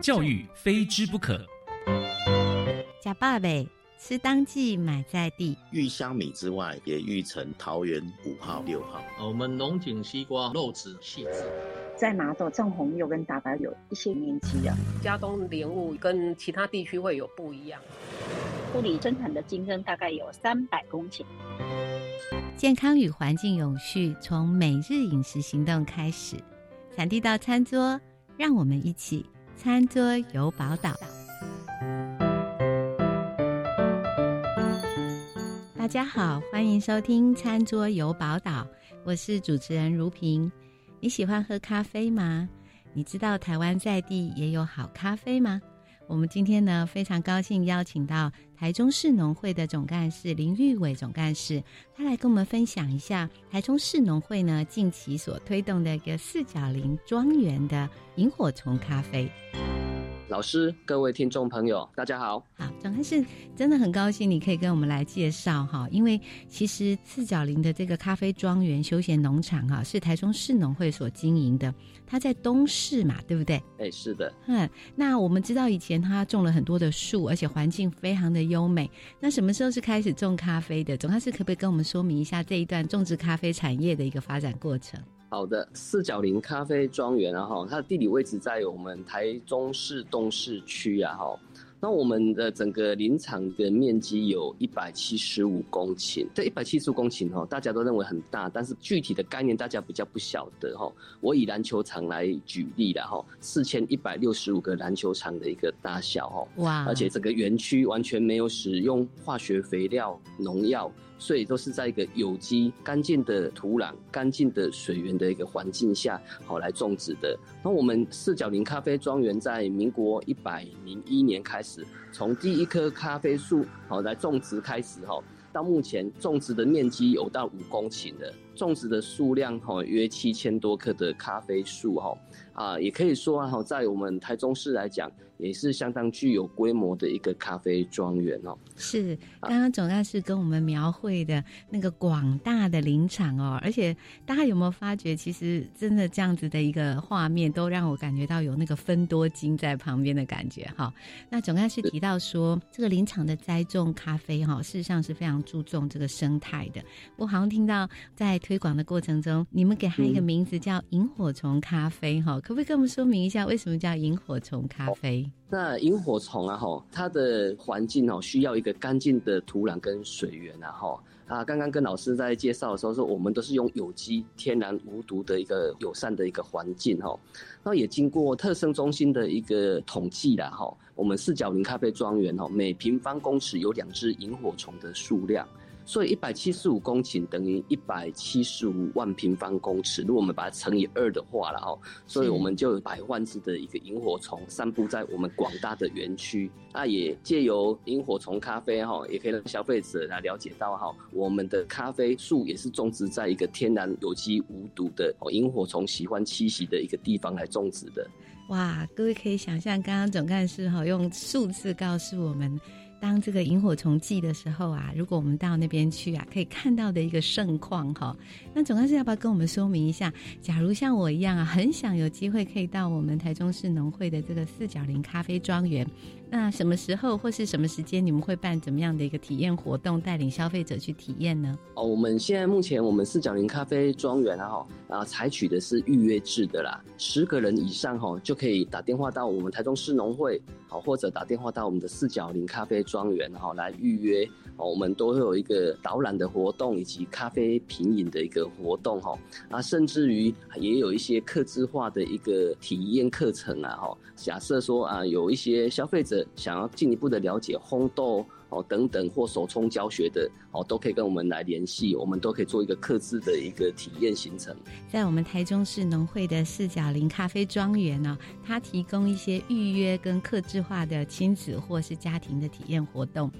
教育非知不可。假霸味吃當季買在地，育香米之外也育成桃園五號、六號。我們龍井西瓜肉質細緻，在麻豆、正紅又跟大白有一些年紀啊。佳冬蓮霧跟其他地區會有不一樣。埔里生產的金針大概有三百公頃。健康與環境永續，從每日飲食行動開始，產地到餐桌，讓我們一起。餐桌遊寶島。大家好，歡迎收聽《餐桌遊寶島》，我是主持人如萍。你喜歡喝咖啡嗎？你知道台灣在地也有好咖啡嗎？我們今天呢，非常高興邀請到台中市農會的總幹事林育葦總幹事，他來跟我們分享一下台中市農會呢，近期所推動的一個四角林莊園的螢火蟲咖啡。老師，各位聽眾朋友，大家好。好，總幹事真的很高興你可以跟我們來介紹哈，因為其實四角林的這個咖啡莊園休閒農場哈，是台中市農會所經營的。它在東勢嘛，對不對？哎、欸，是的。嗯，那我們知道以前它種了很多的樹，而且環境非常的優美。那什麼時候是開始種咖啡的？總幹事可不可以跟我們說明一下這一段種植咖啡產業的一個發展過程？好的，四角林咖啡莊園啊哈，它的地理位置在我們台中市東勢區啊哈。那我們的整個林場的面積有一百七十五公頃，這一百七十五公頃哈，大家都認為很大，但是具體的概念大家比較不曉得哈。我以籃球場來舉例了哈，四千一百六十五個籃球場的一個大小哈。哇！而且整個園區完全沒有使用化學肥料、農藥。所以都是在一個有機、乾淨的土壤、乾淨的水源的一個環境下，好來種植的。那我們四角林咖啡莊園在民國一百零一年開始，從第一棵咖啡樹好來種植開始哈，到目前種植的面積有到五公頃了。種植的數量哈、哦、約七千多棵的咖啡樹哈、哦、啊也可以說哈、啊、在我們台中市來講也是相當具有規模的一個咖啡莊園哦。是剛剛總幹事跟我們描繪的那個廣大的林場哦，而且大家有沒有發覺，其實真的這樣子的一個畫面，都讓我感覺到有那個芬多精在旁邊的感覺哈。那總幹事提到說，這個林場的栽種咖啡哈、哦，事實上是非常注重這個生態的。我好像聽到在推廣的過程中，你們給它一個名字叫螢火蟲咖啡，哈、嗯，可不可以跟我們說明一下為什麼叫螢火蟲咖啡？哦、那螢火蟲啊，它的環境哦、啊、需要一個乾淨的土壤跟水源啊，哈，啊，剛剛跟老師在介紹的時候說，我們都是用有機、天然、無毒的一個友善的一個環境、啊，哈，那也經過特生中心的一個統計了，哈，我們四角林咖啡莊園、啊、每平方公尺有兩隻螢火蟲的數量。所以一百七十五公頃等於一百七十五萬平方公尺。如果我們把它乘以二的話了，然後是，所以我們就有百萬只的一個螢火蟲散布在我們廣大的園區。那也借由螢火蟲咖啡，哈，也可以讓消費者來了解到，哈，我們的咖啡樹也是種植在一個天然有機無毒的螢火蟲喜歡棲息的一個地方來種植的。哇，各位可以想象，剛剛總幹事哈用數字告訴我們。當這個螢火蟲季的時候啊，如果我們到那邊去啊，可以看到的一個盛況齁。那總幹事要不要跟我們說明一下？假如像我一樣啊，很想有機會可以到我們台中市農會的這個四角林咖啡莊園。那什麼時候或是什麼時間，你們會辦怎麼樣的一個體驗活動，帶領消費者去體驗呢？哦，我們現在目前我們四角林咖啡莊園啊，哈啊，採取的是預約制的啦，十個人以上哦就可以打電話到我們台中市農會，哦或者打電話到我們的四角林咖啡莊園哦、啊、來預約。哦，我們都會有一個導覽的活動，以及咖啡品飲的一個活動，哈啊，甚至於也有一些客制化的一個體驗課程啊，假設說啊，有一些消費者想要進一步的了解烘豆哦等等或手沖教學的哦，都可以跟我們來聯繫，我們都可以做一個客製的一個體驗行程。在我們台中市農會的四角林咖啡莊園呢，它提供一些預約跟客制化的親子或是家庭的體驗活動。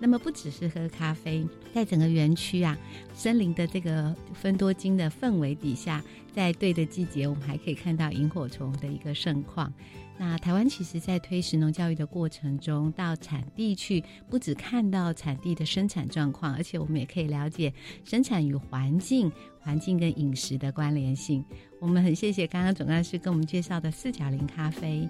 那麼不只是喝咖啡，在整個園區啊，森林的這個芬多精的氛圍底下，在對的季節，我們還可以看到螢火蟲的一個盛況。那台灣其實在推食農教育的過程中，到產地去，不只看到產地的生產狀況，而且我們也可以了解生產與環境、環境跟飲食的關聯性。我們很謝謝剛剛總幹事跟我們介紹的四角林咖啡。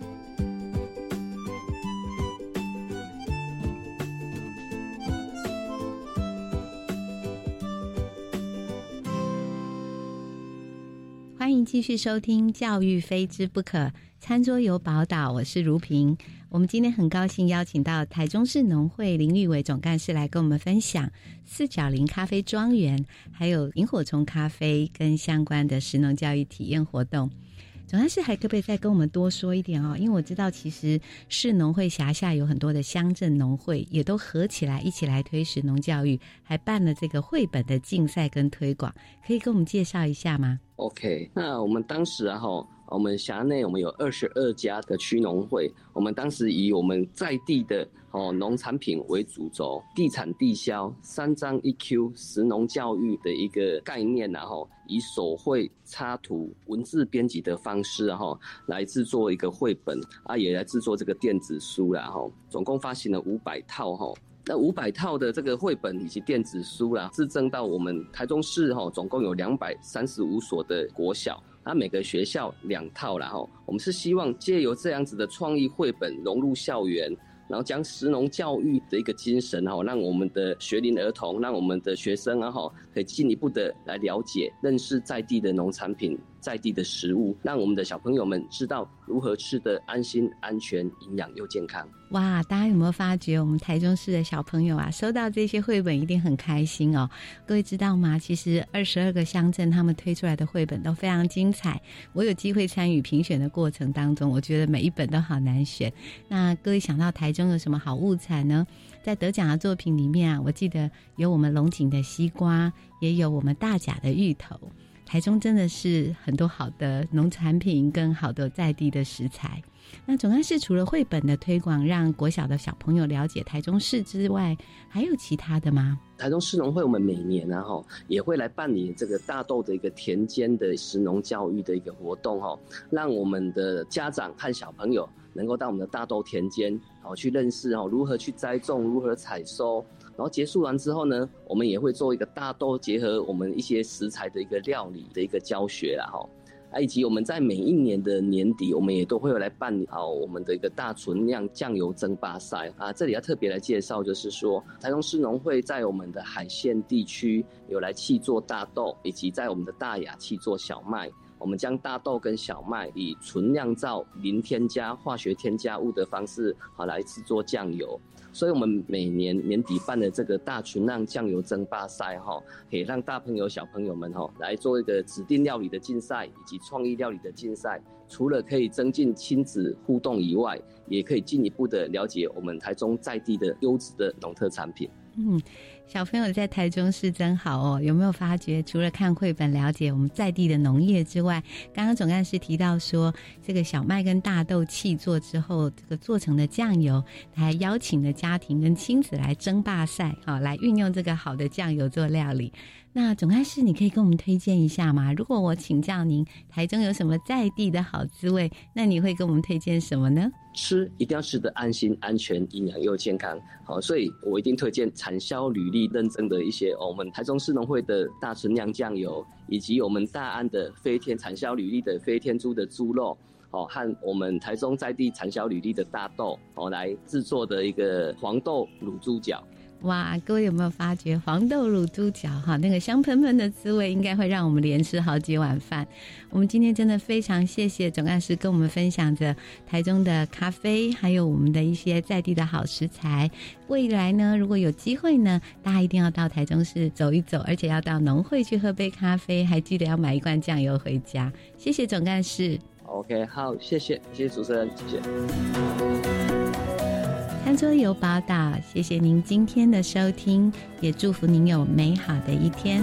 歡迎繼續收聽《教育非知不可》，餐桌遊寶島，我是如萍。我們今天很高興邀請到台中市農會林育葦總幹事來跟我們分享四角林咖啡莊園，還有螢火蟲咖啡跟相關的食農教育體驗活動。原來、嗯、是，還可不可以再跟我們多說一點哦？因為我知道，其實市農會轄下有很多的鄉鎮農會，也都合起來一起來推食農教育，還辦了這個繪本的競賽跟推廣，可以跟我們介紹一下嗎？OK，那我們當時啊，哈。我們轄內，我們有二十二家的區農會，我們當時以我們在地的哦農產品為主軸，地產地銷三章一 Q，食農教育的一個概念，然後以手繪插圖、文字編輯的方式、啊，然後來制作一個繪本啊，也來制作這個電子書啦，然後總共發行了五百套哈。那五百套的這個繪本以及電子書啦，自贈到我們台中市哈，總共有兩百三十五所的國小。它每個學校兩套，然後我們是希望借由這樣子的創意繪本融入校園，然後將食農教育的一個精神，然後讓我們的學齡兒童，讓我們的學生啊，哈，可以進一步的來了解、認識在地的農產品。在地的食物，讓我們的小朋友們知道如何吃得安心、安全、營養又健康。哇，大家有沒有發覺，我們台中市的小朋友啊，收到這些繪本一定很開心哦。各位知道嗎？其實二十二個鄉鎮他們推出來的繪本都非常精彩。我有機會參與評選的過程當中，我覺得每一本都好難選。那各位想到台中有什麼好物產呢？在得獎的作品裡面啊，我記得有我們龍井的西瓜，也有我們大甲的芋頭。台中真的是很多好的農產品跟好的在地的食材，那總幹事除了繪本的推廣，讓國小的小朋友了解台中市之外，還有其他的嗎？台中市農會我們每年呢、啊，吼也會來辦理這個大豆的一個田間的食農教育的一個活動吼，讓我們的家長和小朋友能夠到我們的大豆田間好去認識吼如何去栽種，如何採收。然後結束完之後呢，我們也會做一個大豆結合我們一些食材的一個料理的一個教學啦哈，啊，以及我們在每一年的年底，我們也都會有來辦理好我們的一個大純釀醬油爭霸賽啊。這裡要特別來介紹，就是說台中市農會在我們的海線地區有來契作大豆，以及在我們的大雅契作小麥。我們將大豆跟小麥以純釀造、零添加化學添加物的方式，好來製作醬油。所以，我們每年年底辦的這個大純釀醬油爭霸賽，哈，可以讓大朋友、小朋友們，哈，來做一個指定料理的競賽以及創意料理的競賽。除了可以增進親子互動以外，也可以進一步的了解我們台中在地的優質的農特產品。嗯，小朋友在台中是真好哦。有沒有發覺，除了看繪本了解我們在地的農業之外，剛剛總幹事提到說，這個小麥跟大豆契作之後，這個做成的醬油，他還邀請了家庭跟親子來爭霸賽，啊、哦、來運用這個好的醬油做料理。那總幹事，你可以跟我們推薦一下嗎？如果我請教您，台中有什麼在地的好滋味，那你會跟我們推薦什麼呢？吃一定要吃得安心、安全、營養又健康。好、哦，所以我一定推薦產銷履歷認證的一些、哦、我們台中市農會的大存釀醬油，以及我們大安的飛天產銷履歷的飛天豬的豬肉，好、哦、和我們台中在地產銷履歷的大豆，好、哦、來製作的一個黃豆滷豬腳。哇，各位有沒有發覺黃豆乳、豬腳哈？那個香噴噴的滋味，應該會讓我們連吃好幾碗飯。我們今天真的非常謝謝總幹事跟我們分享着台中的咖啡，還有我們的一些在地的好食材。未來呢，如果有機會呢，大家一定要到台中市走一走，而且要到農會去喝杯咖啡，還記得要買一罐醬油回家。謝謝總幹事。OK，好，謝謝，謝謝主持人，謝謝。餐桌有寶島，謝謝您今天的收聽，也祝福您有美好的一天。